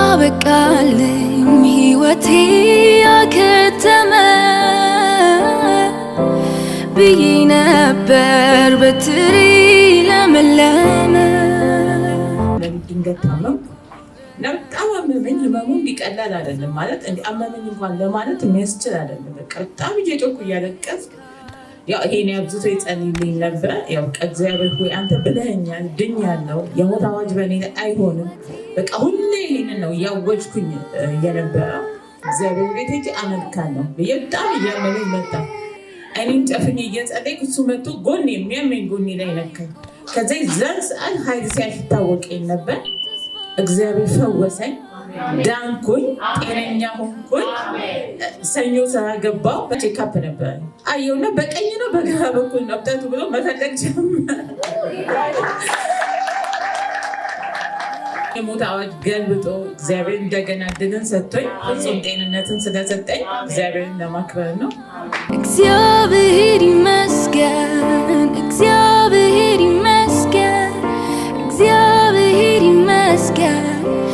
አበቃልኝ ሕይወቴ ያከተመ ብዬ ነበር በትሪ ለመለመ በጣም አመመኝ። ህመሙ እንዲቀላል አይደለም ማለት እንዲ አመመኝ እንኳን ለማለት የሚያስችል አይደለም። በቃ በጣም እየጮኩ እያለቀስኩ ይሄን አብዝቶ ይጸልይልኝ ነበር። ያው እግዚአብሔር ሆይ አንተ ብለኸኛል፣ ድኛለሁ፣ የሞት አዋጅ በእኔ አይሆንም በቃ ሁሌ ይሄንን ነው እያወጅኩኝ የነበረ እግዚአብሔር ቤት እንጂ አመልካለሁ ብዬ በጣም እያመመኝ መጣ። እኔም ጨፍኝ እየጸለይኩ እሱ መጥቶ ጎን የሚያመኝ ጎን ላይ ነካኝ። ከዚ ዘን ሰዓት ኃይል ሲያልፍ ይታወቀኝ ነበር። እግዚአብሔር ፈወሰኝ፣ ዳንኩኝ፣ ጤነኛ ሆንኩኝ። ሰኞ ስራ ገባሁ። በቼካፕ ነበር አየውና በቀኝ ነው በግራ በኩል ነው ብሎ መፈለግ ጀመረ። የሞት አዋጅ ገልብጦ እግዚአብሔር እንደገና ድልን ሰጥቶኝ ፍጹም ጤንነትን ስለሰጠኝ እግዚአብሔርን ለማክበር ነው። እግዚአብሔር ይመስገን፣ እግዚአብሔር ይመስገን፣ እግዚአብሔር ይመስገን።